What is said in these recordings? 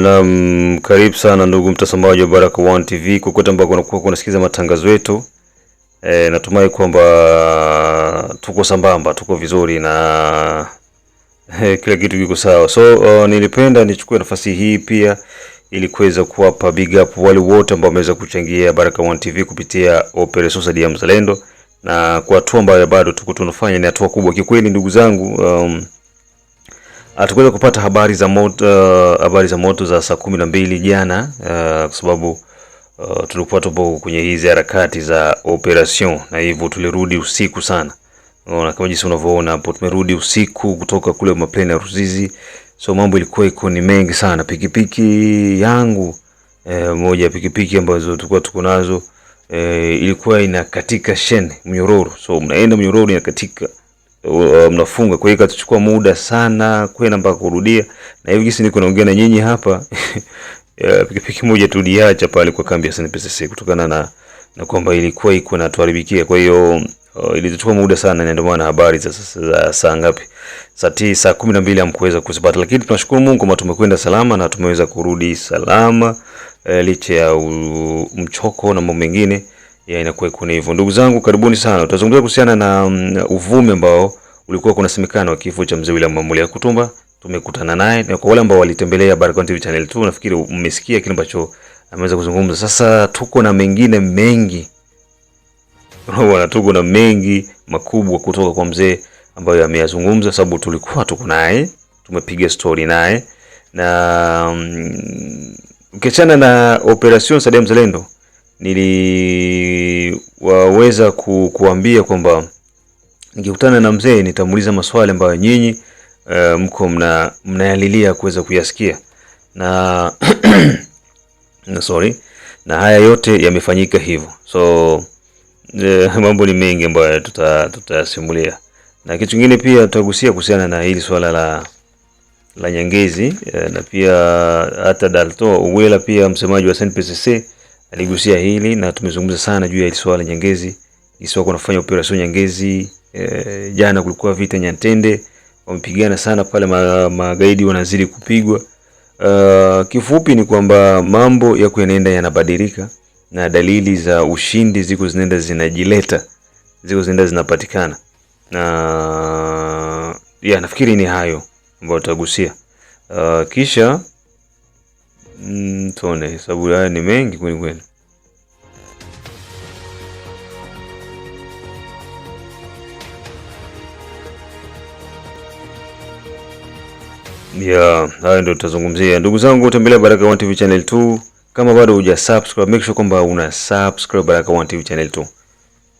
Naam, karibu sana ndugu mtazamaji wa baraka One TV kokote ambako unakuwa unasikiliza matangazo yetu. E, natumai kwamba tuko sambamba, tuko vizuri na e, kila kitu kiko sawa. So uh, nilipenda nichukue nafasi hii pia ili kuweza kuwapa big up wale wote ambao wameweza kuchangia baraka One TV kupitia Operation Sadia Mzalendo, na kwa hatua ambayo bado tuko tunafanya ni hatua kubwa kikweli, ndugu zangu um, hatukuweza ah, kupata habari za moto, uh, habari za moto za saa kumi na mbili jana uh, kwa sababu uh, tulikuwa tupo kwenye hizi harakati za operation na hivyo tulirudi usiku sana. Unaona kama jinsi unavyoona hapo, tumerudi usiku kutoka kule maplane ya Ruzizi, so mambo ilikuwa iko ni mengi sana. Pikipiki piki yangu eh, moja ya pikipiki ambazo tulikuwa tuko nazo eh, ilikuwa inakatika shene mnyororo, so mnaenda mnyororo inakatika mnafunga. Kwa hiyo ikatuchukua muda sana kwenda mpaka kurudia, na hivi jinsi niko naongea na nyinyi hapa pikipiki moja tuliacha pale kwa kambi ya SNPCC kutokana na na kwamba ilikuwa iko na tuharibikia. Kwa hiyo uh, ilituchukua muda sana, na ndio maana habari za za saa ngapi, saa tisa saa kumi na mbili hamkuweza kuzipata, lakini tunashukuru Mungu kwamba tumekwenda salama na tumeweza kurudi salama, uh, licha ya uh, mchoko na mambo mengine ya inakuwa kuna hivyo. Ndugu zangu, karibuni sana. Tutazungumza kuhusiana na um, uvumi ambao ulikuwa kuna semekana wa kifo cha mzee William Mamule Kutumba. Tumekutana naye na kwa wale ambao walitembelea Baraka1 TV channel 2 nafikiri mmesikia kile ambacho ameweza kuzungumza. Sasa tuko na mengine mengi Unaona, tuko na mengi makubwa kutoka kwa mzee ambayo ameyazungumza, sababu tulikuwa tuko naye tumepiga story naye na mm, ukiachana um, na operation Sadia Mzalendo niliwaweza ku, kuambia kwamba nikikutana na mzee nitamuuliza maswali ambayo nyinyi uh, mko mna mnayalilia kuweza kuyasikia na na sorry, na haya yote yamefanyika hivyo. So uh, mambo ni mengi ambayo tutasimulia tuta na kitu kingine pia tutagusia kuhusiana na hili swala la la Nyangezi uh, na pia hata Dalto Uwela pia msemaji wa SNPCC aligusia hili na tumezungumza sana juu ya hili swala Nyangezi. Isi wako wanafanya Nyangezi. E, jana kulikuwa vita Nyantende, wamepigana sana pale, magaidi wanazidi kupigwa. Uh, kifupi ni kwamba mambo yako yanaenda yanabadilika na dalili za ushindi ziko zinaenda zinajileta, ziko zinaenda zinapatikana na ya nafikiri ni hayo ambayo tutagusia. Uh, kisha Mm, tuone sababu haya ni mengi kweli kweli. Yeah, hayo ndio tutazungumzia. Ndugu zangu, tembelea baraka One TV channel 2. Kama bado huja subscribe, make sure kwamba una subscribe baraka One TV channel 2.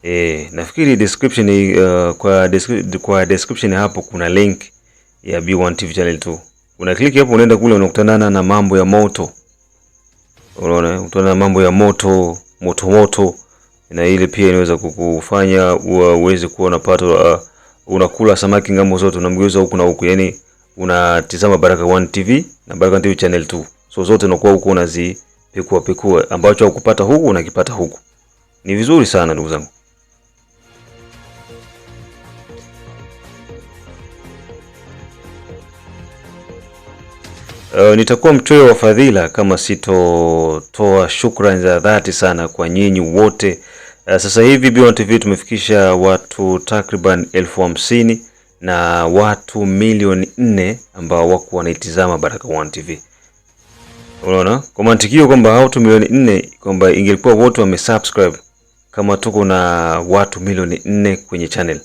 Eh, nafikiri description uh, kwa, descri kwa description hapo kuna link ya B1 TV channel 2 una click hapo, unaenda kule, unakutanana na mambo ya moto. Unaona, unakutanana na mambo ya moto moto moto, na ile pia inaweza kukufanya uweze kuwa unapata uh, unakula samaki ngambo zote, unamgeuza huku na huku, yani unatizama Baraka One TV na Baraka One TV channel 2, so zote unakuwa huko unazipekua pekua, ambacho hukupata huku unakipata huku. Ni vizuri sana ndugu zangu. Uh, nitakuwa mchoyo wa fadhila kama sitotoa shukrani za dhati sana kwa nyinyi wote. Uh, sasa hivi Beyond TV tumefikisha watu takriban elfu hamsini na watu milioni nne ambao wako wanaitizama Baraka One TV. Unaona, kwa mantikio kwamba watu milioni nne kwamba ingelikuwa wote wamesubscribe kama tuko na watu milioni nne kwenye channel,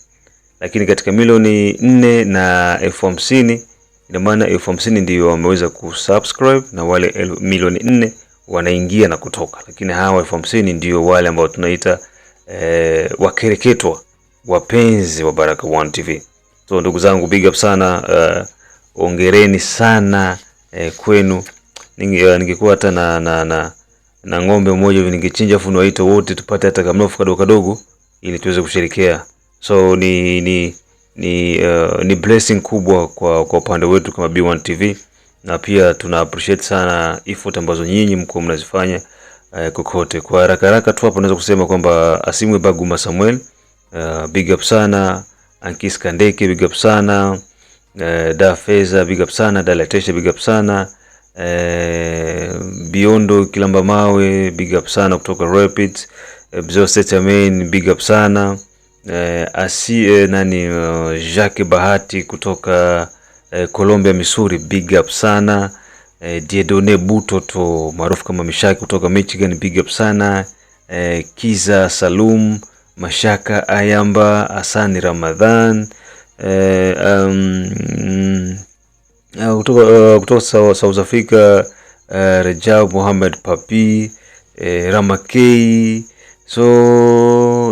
lakini katika milioni nne na elfu hamsini Ina maana elfu hamsini ndio wameweza kusubscribe na wale milioni nne wanaingia na kutoka, lakini hawa elfu hamsini ndio wale ambao tunaita eh, wakereketwa wapenzi wa Baraka One TV. So ndugu zangu, big up sana uh, ongereni sana eh, kwenu. Eh, ningekuwa hata na, na, na, na ng'ombe mmoja hivi ningechinja afu niwaite wote tupate hata kamnofu kadogo kadogo ili tuweze kusherekea. So ni, ni ni, uh, ni blessing kubwa kwa kwa upande wetu kama B1 TV, na pia tuna appreciate sana effort ambazo nyinyi mko mnazifanya uh, kokote. Kwa haraka haraka tu hapo naweza kusema kwamba Asimwe Baguma Samuel, uh, big up sana Ankis Kandeke, big up sana uh, Da Feza, big up sana Dalatesha, big up sana uh, Biondo Kilamba Mawe, big up sana kutoka Rapids, uh, Bzo Setamen, big up sana eh, asi eh, nani uh, Jacques Bahati kutoka eh, Colombia Missouri, big up sana eh, Diedone Butoto maarufu kama Mishaki kutoka Michigan, big up sana eh, Kiza Salum Mashaka Ayamba Asani Ramadhan eh, um, eh, kutoka, uh, kutoka South Africa uh, Rejab Muhammad Papi eh, Ramakei so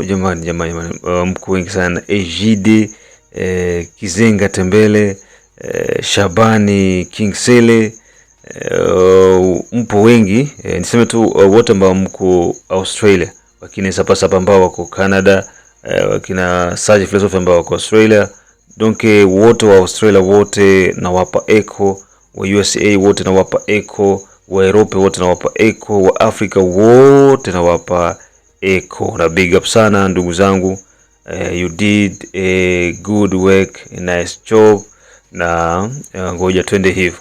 jamani, jamani, jamani, uh, mkuu wengi sana Ejide eh, Kizenga Tembele eh, Shabani Kingsele eh, mpo wengi eh, niseme tu uh, wote ambao mko Australia, wakina Sapasapa ambao wako Canada eh, wakina Sage Philosophy ambao wako Australia donke wote wa Australia wote na wapa echo, wa USA wote na wapa echo, wa Europe wote na wapa echo, wa Afrika wote na wapa eko na big up sana ndugu zangu eh, you did a good work, a nice job na eh, ngoja twende hivyo.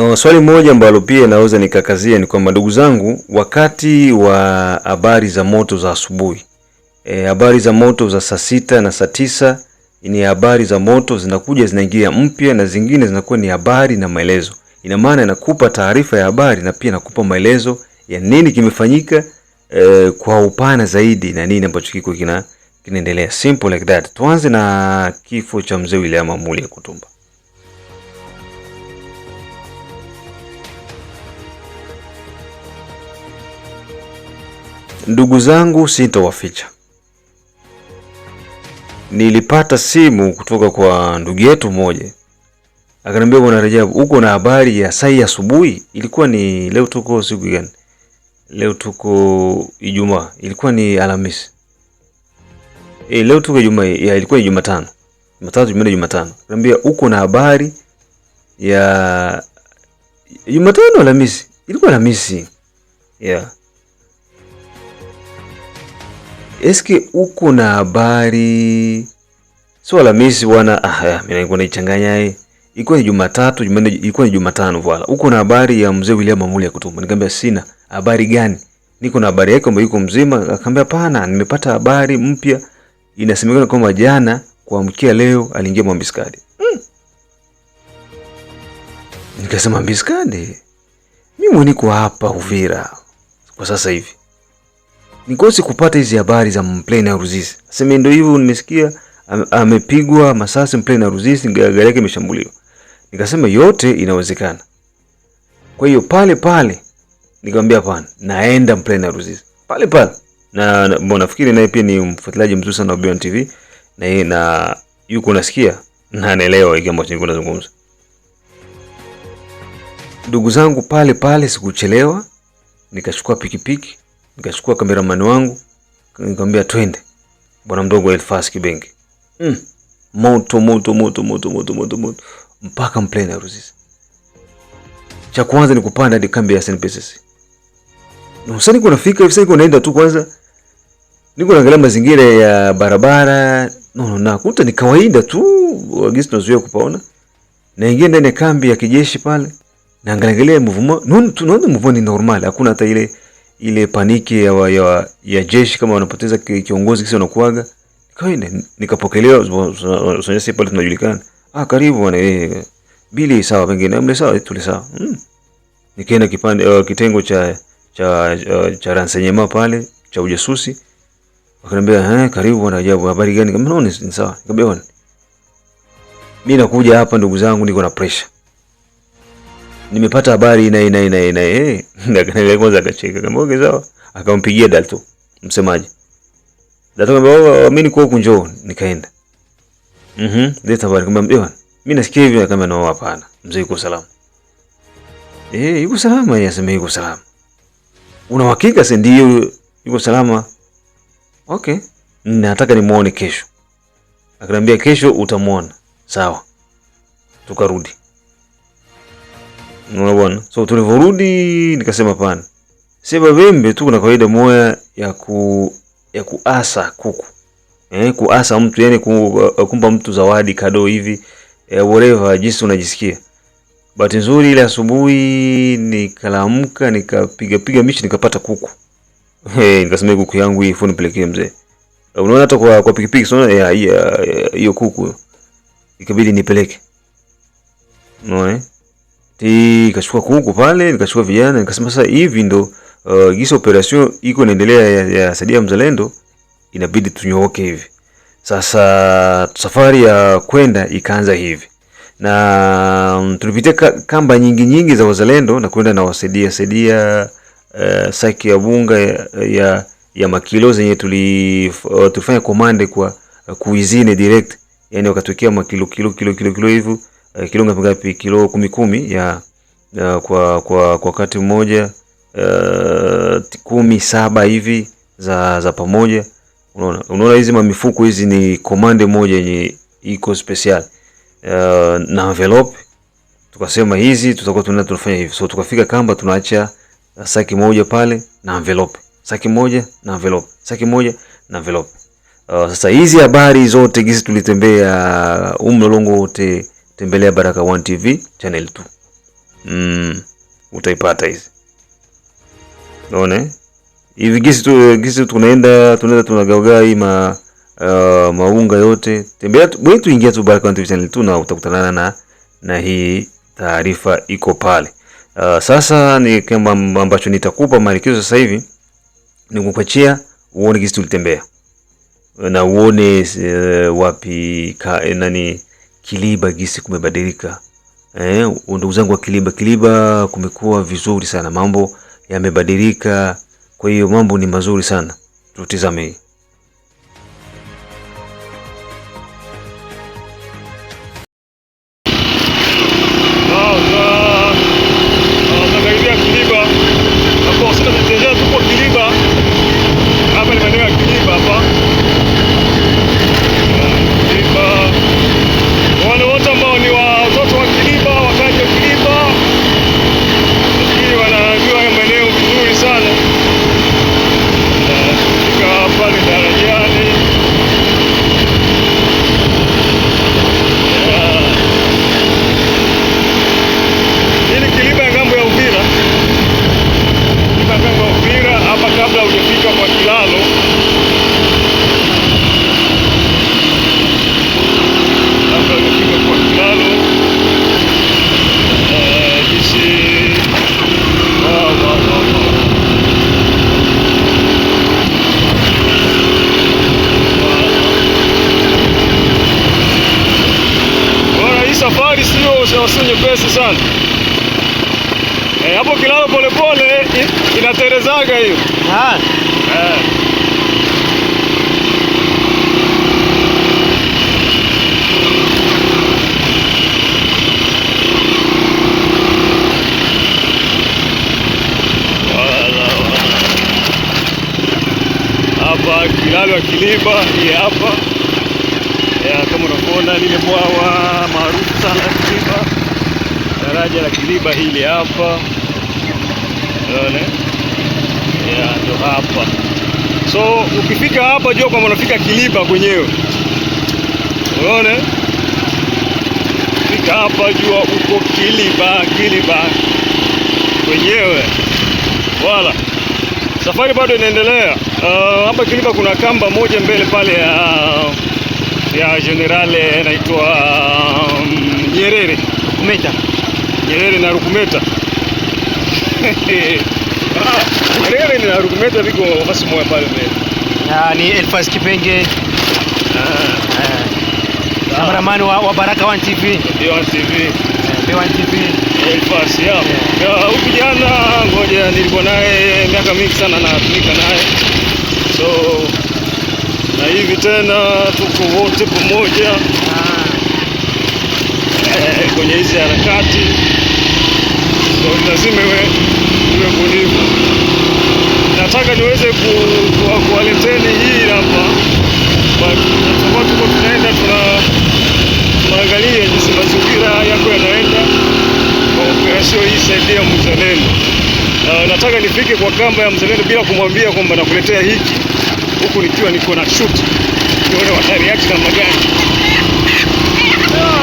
Uh, swali moja ambalo pia naweza nikakazia ni kwamba ndugu zangu, wakati wa habari za moto za asubuhi E, habari za moto za saa sita na saa tisa ni habari za moto zinakuja zinaingia mpya na zingine zinakuwa ni habari na maelezo. Ina maana inakupa taarifa ya habari na pia inakupa maelezo ya nini kimefanyika e, kwa upana zaidi na nini ambacho kiko kina kinaendelea. Simple like that. Tuanze na kifo cha mzee William Amuli Kutumba. Ndugu zangu, sitowaficha nilipata simu kutoka kwa ndugu yetu mmoja akaniambia, bwana Rajabu, uko na habari ya sai asubuhi. Ilikuwa ni leo, tuko siku gani leo? Tuko Ijumaa, ilikuwa ni Alhamisi e, leo tuko Ijumaa ya, ilikuwa ni Jumatano, Jumatatu, Jumanne, Jumatano. Akaniambia uko na habari ya Jumatano, Alhamisi, ilikuwa Alhamisi yeah eske uko na habari swala misi bwana. Ah, ya ah, mimi nilikuwa naichanganya hii, eh. ilikuwa ni Jumatatu, Jumanne, ilikuwa ni Jumatano. Bwana, uko na habari ya mzee William mamuli ya kutumba? Nikamwambia sina. Habari gani? Niko na habari yake kwamba yuko mzima. Akamwambia pana nimepata habari mpya, inasemekana kwamba jana kuamkia leo aliingia mwambiskadi. Mm. Nikasema mbiskadi, mimi niko hapa Uvira kwa sasa hivi nikosi kupata hizi habari za mplane Mplena Ruzizi. Sema ndio hivyo, nimesikia amepigwa masasi mplane Mplena Ruzizi, gari yake imeshambuliwa. Nikasema yote inawezekana. Kwa hiyo pale pale nikamwambia hapana, naenda mplane Mplena Ruzizi pale pale, na mbona nafikiri naye pia ni mfuatiliaji mzuri sana wa Bion TV na yeye na yuko nasikia na anaelewa hiki ambacho nilikuwa nazungumza. Ndugu zangu, pale pale sikuchelewa, nikachukua pikipiki Nikachukua kameramani wangu nikamwambia twende bwana mdogo wa Elfas Kibenge. Mm. Moto moto moto moto moto moto moto mpaka mplena Ruzizi. Cha kwanza ni kupanda hadi kambi ya SNPCC. Na sasa niko nafika hivi sasa niko naenda tu kwanza. Niko naangalia mazingira ya barabara. No, no, na kuta ni kawaida tu wagisi tunazuia kupaona. Naingia ndani ya kambi ya kijeshi pale. Naangalia mvumo. Nuno, tunaona mvumo ni normal, hakuna hata ile ile paniki ya, wa, ya, ya jeshi kama wanapoteza kiongozi kisa wanakuaga. Nikaenda nikapokelewa, sasa pale tunajulikana. Ah, karibu bwana, eh bili sawa, pengine mle sawa, eh, tule sawa. Mm. Nikaenda kipande uh, kitengo cha cha uh, cha ransenyema pale cha ujasusi. Wakaniambia, eh, karibu bwana, ajabu, habari gani? Kama ni sawa. Nikamwambia bwana, mimi nakuja hapa ndugu zangu, niko na pressure nimepata habari na ina ina ina eh, kwanza akacheka kama okay, sawa. Akampigia Dalto msemaji, Dalto kamba oh, oh, oh, mimi niko huko, njoo. Nikaenda mhm, leta habari kamba mbona mimi nasikia hivyo Kama nao hapana, mzee yuko salama eh, yuko salama. Yeye asema yuko salama. Una uhakika? Si ndio, yuko salama. Okay, nataka nimuone kesho. Akaniambia kesho utamuona sawa. Tukarudi Unaona, bwana. so tulivyorudi nikasema pana sema Vembe tu kuna kawaida moya ya ku ya kuasa kuku eh, kuasa mtu yani uh, kumpa mtu zawadi kado hivi eh, whatever jinsi unajisikia. Bahati nzuri ile asubuhi nikalamka nikapiga piga mishi nikapata kuku eh, nikasema kuku yangu hii phone pelekee mzee. Eh, unaona hata kwa kwa pikipiki sio hiyo kuku ikabidi nipeleke. Unaona? nikachukua kuku pale, nikachukua vijana, nikasema sasa hivi ndo uh, gisa operation iko inaendelea ya, ya sadia Mzalendo, inabidi tunyooke hivi. Sasa safari ya kwenda ikaanza hivi na um, tulipitia kamba nyingi nyingi za wazalendo na kwenda na wasaidia saidia uh, saki ya bunga ya, ya, ya makilo zenye tuli, uh, tulifanya komande kwa uh, kuizine direct, yani wakatokea makilo kilo kilo kilo kilo hivyo eh, kilo ngapi ngapi? Kilo kumi kumi ya uh, kwa kwa kwa wakati mmoja uh, kumi saba hivi za za pamoja. Unaona, unaona hizi mamifuko hizi ni komande moja yenye iko special uh, na envelope tukasema hizi tutakuwa tunaenda tunafanya hivi, so tukafika kamba tunaacha saki moja pale na envelope, saki moja na envelope, saki moja na envelope. Uh, sasa hizi habari zote gizi tulitembea umlolongo wote tembelea baraka One TV channel 2. Mm, utaipata hizi. Unaona? Eh? Hivi gisi tu gisi tunaenda tunaenda tunagaugaa hii ma uh, maunga yote. Tembelea wewe tu ingia tu baraka One TV channel 2 na utakutana na na hii taarifa iko pale. Uh, sasa ni kama ambacho nitakupa maelekezo sasa hivi ni kukuachia uone gisi tulitembea na uone uh, wapi ka, eh, nani Kiliba gisi kumebadilika. Eh, ndugu zangu wa Kiliba, Kiliba kumekuwa vizuri sana, mambo yamebadilika. Kwa hiyo mambo ni mazuri sana, tutizame. Zanzibar ni hapa ya, kama unakuona lile bwawa maarufu sana Kiliba, daraja la Kiliba hili hapa ya, ndo hapa. So ukifika hapa jua kwamba unafika Kiliba kwenyewe, unaona, fika hapa jua uko Kiliba, Kiliba kwenyewe. Wala safari bado inaendelea. Eh, hapa uh, Kiliba kuna kamba moja mbele pale ya ya general anaitwa eh, um, mm, Nyerere Rukumeta, Nyerere na Rukumeta Nyerere na Rukumeta biko basi moja pale mbele. Ah, ni Elfas Kipenge eh. ah. Kameramani wa, wa Baraka One TV. B1 TV. B1 TV. Elfas, ya. Ya, huyu ngoja nilikuwa naye miaka mingi sana na tumika naye so na hivi tena tuko wote pamoja eh, kwenye hizi harakati so lazima iwe bunifu. Nataka niweze kuwaleteni hii hapa tutakuwa tuko tunaenda tuna tunaangalia jinsi mazingira yako yanaenda kwa operesheni hii saidia mzalendo. Uh, nataka nifike kwa kamba ya mzalendo bila kumwambia kwamba nakuletea hiki huku nikiwa niko na shoot, nione watareact namna gani. Ah,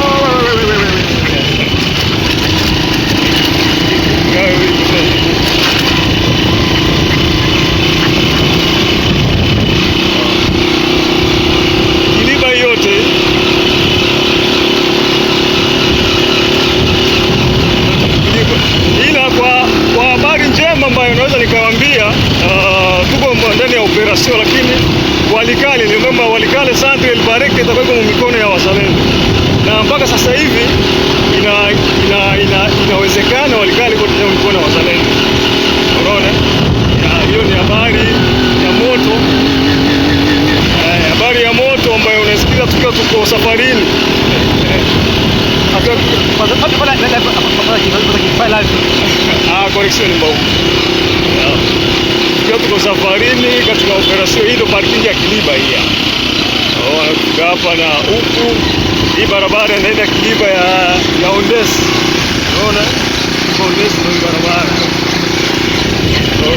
na huku hii barabara inaenda kiliba ya ya Ondesi, unaona kwa Ondesi ndio barabara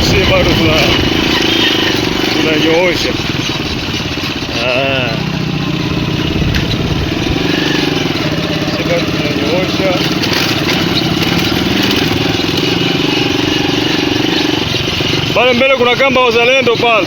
sisi bado tuna tunanyoosha sisi ah. bado tunanyoosha pale mbele kuna kamba wazalendo pale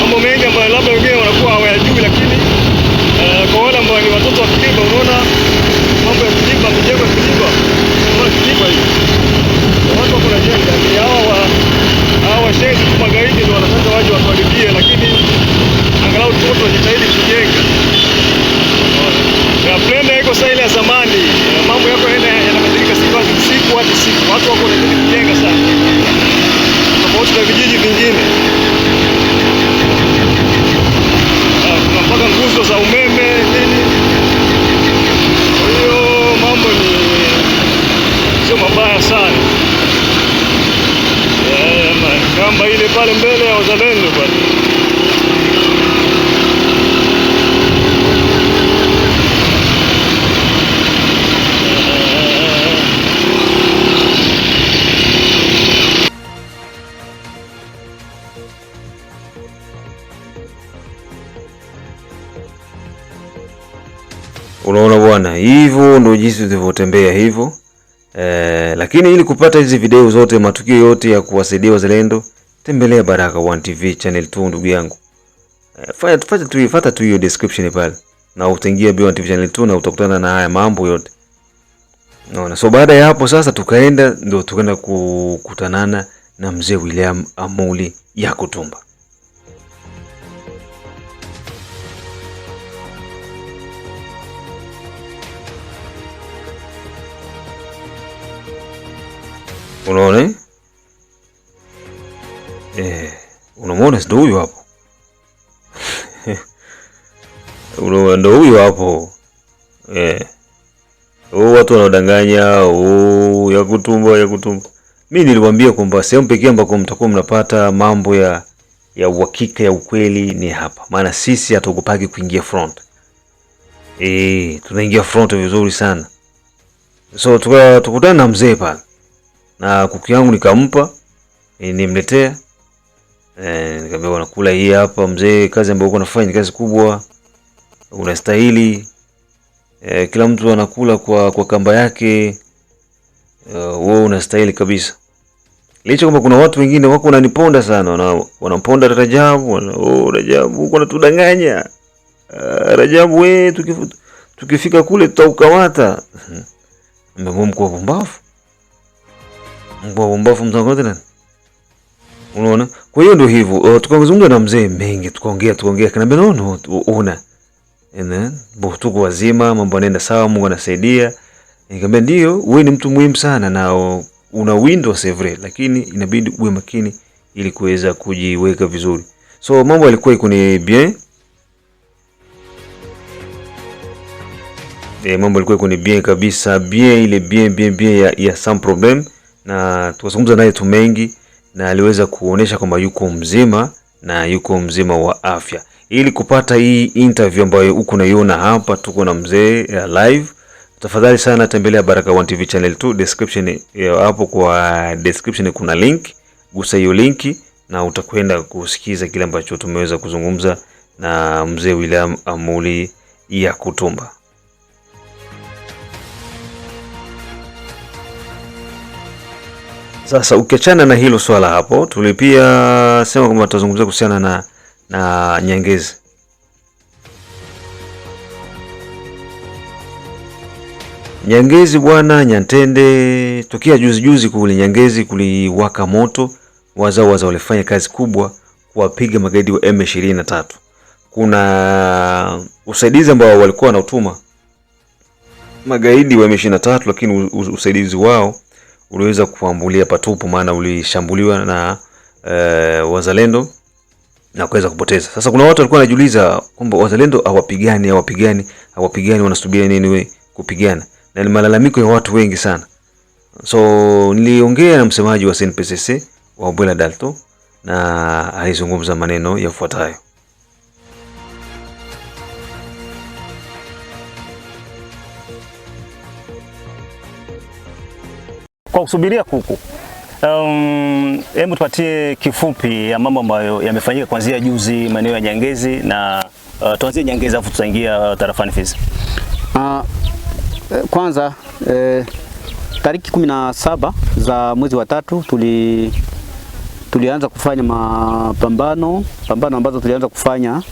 mambo mengi ambayo labda wengine wanakuwa hawayajui, lakini uh, kwa wale ambao ni watoto wa Kilimba, unaona mambo ya Kilimba, mijengo ya Kilimba, unaona Kilimba hii watu wako na jenga ni hawa wa hawa shehe tu magaidi ndio wanataka waje watuharibie, lakini angalau tuko wajitahidi kujenga. Ya plenda iko sasa ile ya zamani, mambo yako yana yanabadilika siku hadi siku hadi siku, watu wako wanajitahidi kujenga sana, tofauti na vijiji vingine. za umeme nini. Kwa hiyo mambo ni sio mabaya sana eh, kamba ile pale mbele ya wazalendo pale ndio jinsi tulivyotembea hivyo e, lakini ili kupata hizi video zote, matukio yote ya kuwasaidia wazalendo, tembelea Baraka One TV channel tu ndugu yangu. E, fanya tufate tu ifuata tu hiyo description pale na utaingia Baraka One TV channel tu na utakutana na haya mambo yote. Naona. So baada ya hapo sasa tukaenda ndio tukaenda kukutanana na mzee William Amuli ya Kutumba. Unaona eh? Eh, unamwona ndio huyo hapo. Unaona ndio huyo hapo. Eh. Oh, watu wanaodanganya, oh, ya kutumba ya kutumba. Mimi niliwaambia kwamba sehemu pekee ambako mtakuwa mnapata mambo ya ya uhakika ya ukweli ni hapa, maana sisi hatukupaki kuingia front. Eh, tunaingia front vizuri sana. So tukutana na mzee pale na kuku yangu nikampa, eh, nimletea e, nikamwambia bwana, kula hii hapa mzee, kazi ambayo uko nafanya ni kazi kubwa, unastahili e, kila mtu anakula kwa kwa kamba yake e, wewe unastahili kabisa. Licha kwamba kuna watu wengine wako wananiponda sana, wana, wanamponda Rajabu, wana, oh, Rajabu uko natudanganya. Uh, ah, Rajabu we tukifika kule tutaukamata. Mmemwomko pumbavu kwa bombafu mtangaza tena. Unaona? Kwa hiyo ndio hivyo. Uh, oh, tukazungumza na mzee mengi, tukaongea tukaongea, kaniambia no no, una. Amen. Bo tuko wazima, mambo yanaenda sawa, Mungu anasaidia. Nikamwambia ndio, wewe ni mtu muhimu sana na una window sevre, lakini inabidi uwe makini ili kuweza kujiweka vizuri. So mambo yalikuwa iko ni bien. E, mambo yalikuwa iko ni bien kabisa, bien ile bien bien bien ya, ya sans problème na tukazungumza naye tu mengi, na aliweza kuonesha kwamba yuko mzima na yuko mzima wa afya. Ili kupata hii interview ambayo uko naiona hapa, tuko na mzee eh, live. Tafadhali sana tembelea baraka One TV channel 2 description eh, hapo, kwa description kuna link, gusa hiyo link na utakwenda kusikiza kile ambacho tumeweza kuzungumza na mzee William Amuli ya kutumba Sasa ukiachana na hilo swala hapo, tulipia sema kwamba tutazungumzia kuhusiana na, na Nyangezi. Nyangezi bwana Nyantende, tokea juzi juzi kule Nyangezi kuliwaka moto, wazao wazao walifanya kazi kubwa kuwapiga magaidi wa M23. Kuna usaidizi ambao walikuwa wanautuma magaidi wa M23, lakini usaidizi wao uliweza kuambulia patupu, maana ulishambuliwa na e, wazalendo na kuweza kupoteza. Sasa kuna watu walikuwa wanajiuliza kwamba wazalendo hawapigani hawapigani hawapigani, wanasubiria nini we kupigana? Na ni malalamiko ya watu wengi sana. So niliongea na msemaji wa CNPSC wa Bwela Dalto na alizungumza maneno yafuatayo. Kwa kusubiria kuku, um, hebu tupatie kifupi ya mambo ambayo yamefanyika kuanzia juzi maeneo ya Nyangezi na uh, tuanzie Nyangezi afu tutaingia uh, tarafani Fizi. Uh, kwanza eh, tariki kumi na saba za mwezi wa tatu tuli tulianza kufanya mapambano pambano ambazo tulianza kufanya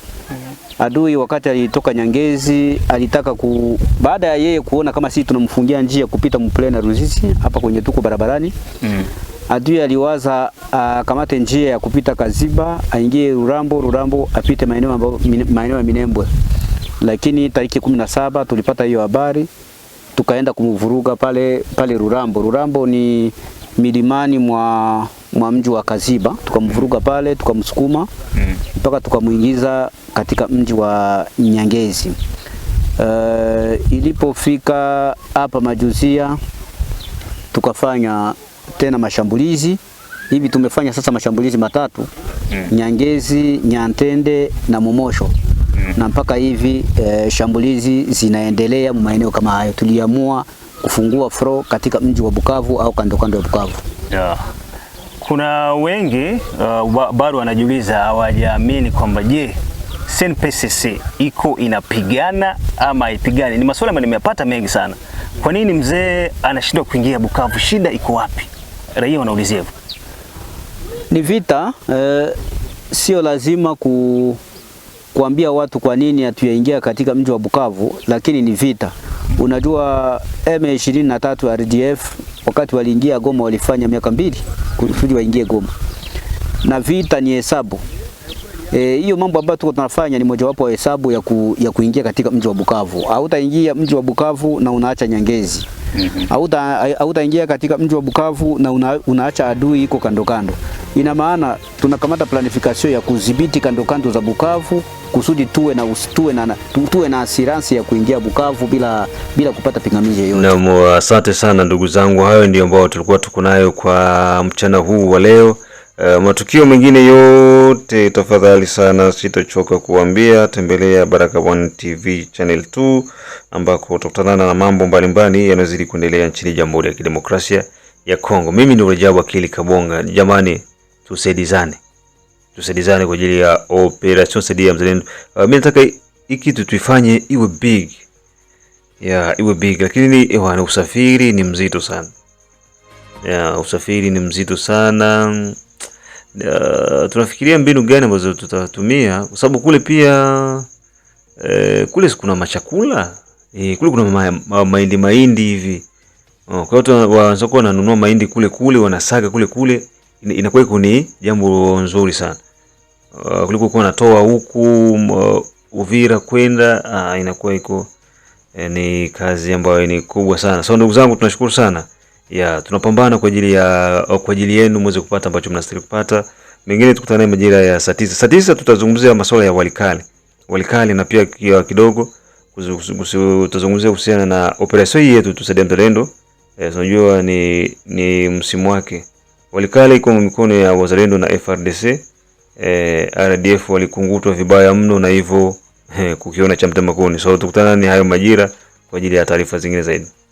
Adui wakati alitoka Nyangezi alitaka ku, baada ya yeye kuona kama sisi tunamfungia njia kupita mplane na Ruzizi hapa kwenye tuko barabarani mm. Adui aliwaza ah, akamate njia ya kupita Kaziba aingie Rurambo, Rurambo apite maeneo ambayo maeneo ya Minembwe, lakini tariki kumi na saba tulipata hiyo habari tukaenda kumvuruga pale pale Rurambo. Rurambo ni milimani mwa, mwa mji wa Kaziba, tukamvuruga pale tukamsukuma mm. mpaka mm. tukamwingiza katika mji wa Nyangezi. Uh, ilipofika hapa majuzia tukafanya tena mashambulizi hivi, tumefanya sasa mashambulizi matatu mm. Nyangezi, Nyantende na Momosho mm. na mpaka hivi eh, shambulizi zinaendelea maeneo kama hayo tuliamua kufungua fro katika mji wa Bukavu au kando kando ya Bukavu yeah. Kuna wengi uh, bado wanajiuliza hawajaamini kwamba je, SNPCC iko inapigana ama haipigani? Ni maswali ambayo nimeyapata mengi sana. Kwa nini mzee anashindwa kuingia Bukavu? Shida iko wapi? Raia wanaulizia hivyo. Ni vita eh, sio lazima ku, kuambia watu kwa nini hatuyaingia katika mji wa Bukavu, lakini ni vita. Unajua M23 RDF wakati waliingia Goma walifanya miaka mbili kusudi waingie Goma, na vita ni hesabu e, hiyo. mambo ambayo tuko tunafanya ni mojawapo wa hesabu ya, ku, ya kuingia katika mji wa Bukavu. Hautaingia mji wa Bukavu na unaacha Nyangezi mm -hmm. hautaingia katika mji wa Bukavu na una, unaacha adui iko kando kando. Ina maana tunakamata planifikasio ya kudhibiti kando kando za Bukavu kusudi tuwe na tuwe na tuwe na asiransi ya kuingia Bukavu bila bila kupata pingamizi yoyote. Naam, asante sana ndugu zangu, hayo ndio ambao tulikuwa tukunayo kwa mchana huu wa leo. Eh, matukio mengine yote tafadhali sana sitochoka kuambia, tembelea baraka One TV channel 2 ambako utakutana na mambo mbalimbali yanayozidi kuendelea nchini Jamhuri ya Kidemokrasia ya Kongo. Mimi ni Rajabu Akili Kabonga. Jamani, tusaidizane, tusaidizane kwa ajili ya operation Saidia Mzalendo. Uh, mimi nataka hii kitu tuifanye iwe big ya yeah, iwe big, lakini ewa, usafiri ni mzito sana ya, yeah, usafiri ni mzito sana Uh, tunafikiria mbinu gani ambazo tutatumia kwa sababu kule pia uh, kule kuna machakula eh, kule kuna ma, ma, mahindi mahindi hivi uh, kwa hiyo wanaweza kuwa wananunua mahindi kule kule wanasaga kule kule, inakuwa iko ni jambo nzuri sana uh, kuliko kuwa natoa huku uh, Uvira kwenda uh, inakuwa iko eh, ni kazi ambayo ni kubwa sana. So ndugu zangu tunashukuru sana ya tunapambana kwa ajili ya kwa ajili yenu muweze kupata ambacho mnastahili kupata. Mengine tukutane majira ya saa tisa. Saa tisa tutazungumzia masuala ya walikali walikali na pia kidogo tutazungumzia kuhusiana na operesheni hii yetu tusaidia mzalendo. Eh, Unajua yes, ni ni msimu wake. walikali iko mikono ya wazalendo na FRDC. Eh, RDF walikungutwa vibaya mno na hivyo eh, kukiona cha mtema kuni. So tukutana ni hayo majira kwa ajili ya taarifa zingine zaidi.